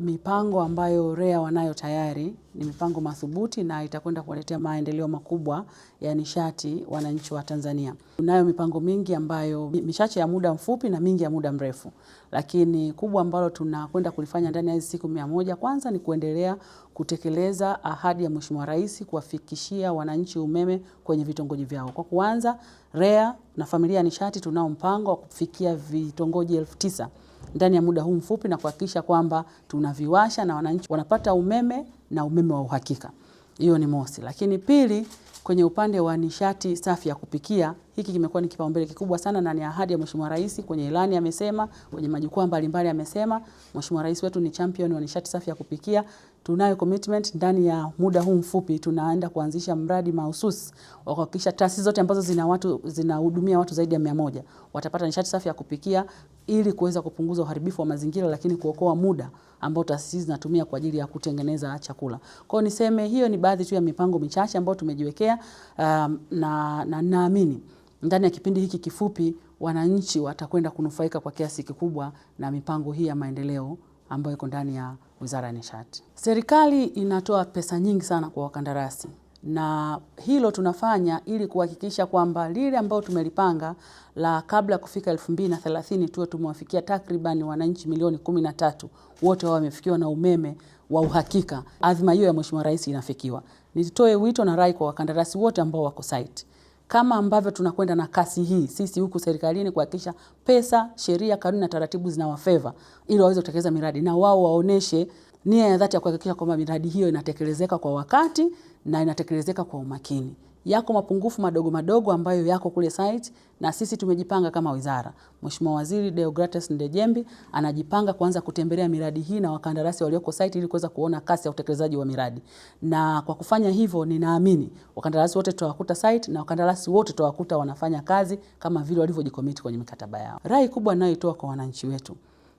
Mipango ambayo REA wanayo tayari ni mipango madhubuti na itakwenda kuwaletea maendeleo makubwa ya nishati wananchi wa Tanzania. Tunayo mipango mingi ambayo michache ya muda mfupi na mingi ya muda mrefu, lakini kubwa ambalo tunakwenda kulifanya ndani ya hizi siku mia moja kwanza ni kuendelea kutekeleza ahadi ya Mheshimiwa Rais kuwafikishia wananchi umeme kwenye vitongoji vyao. Kwa kuanza, REA na familia ya nishati tunao mpango wa kufikia vitongoji elfu tisa ndani ya muda huu mfupi na kuhakikisha kwamba tunaviwasha na wananchi wanapata umeme na umeme wa uhakika. Hiyo ni mosi, lakini pili, kwenye upande wa nishati safi ya kupikia, hiki kimekuwa ni kipaumbele kikubwa sana na ni ahadi ya Mheshimiwa Rais kwenye ilani amesema, kwenye majukwaa mbalimbali amesema Mheshimiwa Rais wetu ni champion wa nishati safi ya kupikia. Tunayo commitment ndani ya muda huu mfupi tunaenda kuanzisha mradi mahususi wa kuhakikisha taasisi zote ambazo zina watu zinahudumia watu zaidi ya mia moja watapata nishati safi ya kupikia ili kuweza kupunguza uharibifu wa mazingira, lakini kuokoa muda ambao taasisi zinatumia kwa ajili ya kutengeneza chakula. Kwa hiyo niseme hiyo ni baadhi tu ya mipango michache ambayo tumejiwekea, um, na naamini na ndani ya kipindi hiki kifupi wananchi watakwenda kunufaika kwa kiasi kikubwa na mipango hii ya maendeleo ambayo iko ndani ya Wizara ya Nishati. Serikali inatoa pesa nyingi sana kwa wakandarasi na hilo tunafanya ili kuhakikisha kwamba lile ambayo tumelipanga la kabla ya kufika elfu mbili na thelathini tuwe tumewafikia takriban wananchi milioni kumi na tatu wote wao wamefikiwa na umeme wa uhakika. Adhima hiyo ya Mheshimiwa Rais inafikiwa. Nitoe wito na rai kwa wakandarasi wote ambao wako site kama ambavyo tunakwenda na kasi hii sisi huku serikalini kuhakikisha pesa, sheria, kanuni na taratibu zinawafeva ili waweze kutekeleza miradi na wao waoneshe nia ya dhati ya kuhakikisha kwamba miradi hiyo inatekelezeka kwa wakati na inatekelezeka kwa umakini. Yako mapungufu madogo madogo ambayo yako kule site, na sisi tumejipanga kama wizara. Mheshimiwa Waziri Deogrates Ndejembi anajipanga kuanza kutembelea miradi hii na wakandarasi walioko site ili kuweza kuona kasi ya utekelezaji wa miradi, na kwa kufanya hivyo, ninaamini wakandarasi wote tutawakuta site na wakandarasi wote tutawakuta wanafanya kazi kama vile walivyojikomiti kwenye mikataba yao. Rai kubwa ninayoitoa kwa wananchi wetu,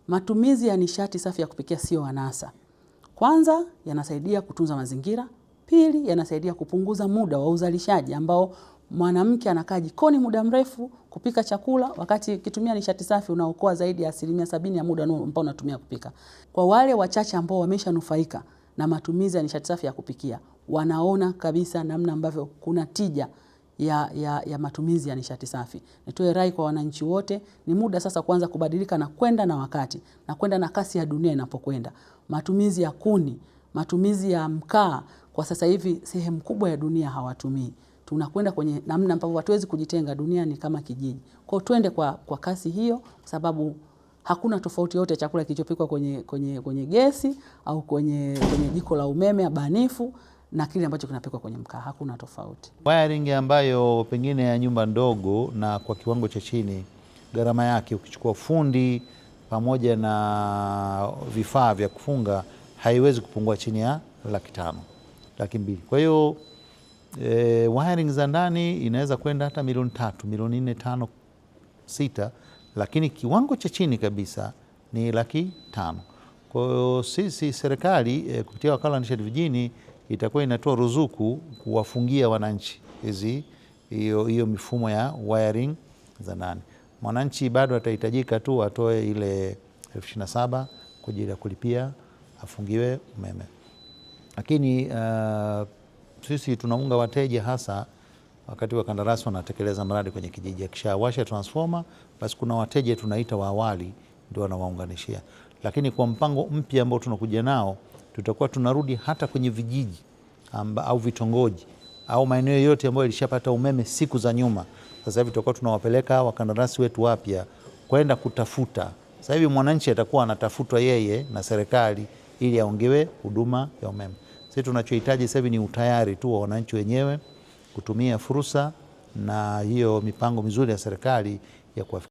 matumizi ya nishati safi ya kupikia sio anasa. Kwanza yanasaidia kutunza mazingira, pili yanasaidia kupunguza muda wa uzalishaji ambao mwanamke anakaa jikoni muda mrefu kupika chakula, wakati ukitumia nishati safi unaokoa zaidi ya asilimia sabini ya muda ambao unatumia kupika. Kwa wale wachache ambao wameshanufaika na matumizi ya nishati safi ya kupikia, wanaona kabisa namna ambavyo kuna tija ya, ya, ya matumizi ya nishati safi. Nitoe rai kwa wananchi wote, ni muda sasa kuanza kubadilika na kwenda na wakati na kwenda na kasi ya dunia inapokwenda. Matumizi ya kuni, matumizi ya mkaa kwa sasa hivi sehemu kubwa ya dunia hawatumii. Tunakwenda kwenye namna ambavyo hatuwezi kujitenga, dunia ni kama kijiji. Kwa hiyo twende kwa, kwa kasi hiyo kwa sababu hakuna tofauti yote ya chakula kilichopikwa kwenye, kwenye, kwenye gesi au kwenye, kwenye jiko la umeme banifu na kile ambacho kinapikwa kwenye mkaa, hakuna tofauti. Wiring ambayo pengine ya nyumba ndogo na kwa kiwango cha chini, gharama yake ukichukua fundi pamoja na vifaa vya kufunga haiwezi kupungua chini ya laki tano laki mbili. Kwa hiyo e, wiring za ndani inaweza kwenda hata milioni tatu milioni nne tano sita, lakini kiwango cha chini kabisa ni laki tano. Kwa hiyo sisi serikali e, kupitia wakala wa nishati vijijini itakuwa inatoa ruzuku kuwafungia wananchi hizi hiyo hiyo mifumo ya wiring za nani. Mwananchi bado atahitajika tu atoe ile elfu ishirini na saba kwa ajili ya kulipia afungiwe umeme, lakini uh, sisi tunaunga wateja hasa wakati wa kandarasi wanatekeleza mradi kwenye kijiji, akishawasha transformer basi kuna wateja tunaita wa awali ndio wanawaunganishia, lakini kwa mpango mpya ambao tunakuja nao tutakuwa tunarudi hata kwenye vijiji amba, au vitongoji au maeneo yote ambayo ilishapata umeme siku za nyuma. Sasa hivi tutakuwa tunawapeleka wakandarasi wetu wapya kwenda kutafuta. Sasa hivi mwananchi atakuwa anatafutwa yeye na serikali ili aongewe huduma ya umeme. Sisi tunachohitaji sasa hivi ni utayari tu wa wananchi wenyewe kutumia fursa na hiyo mipango mizuri ya serikali ya kuwafikia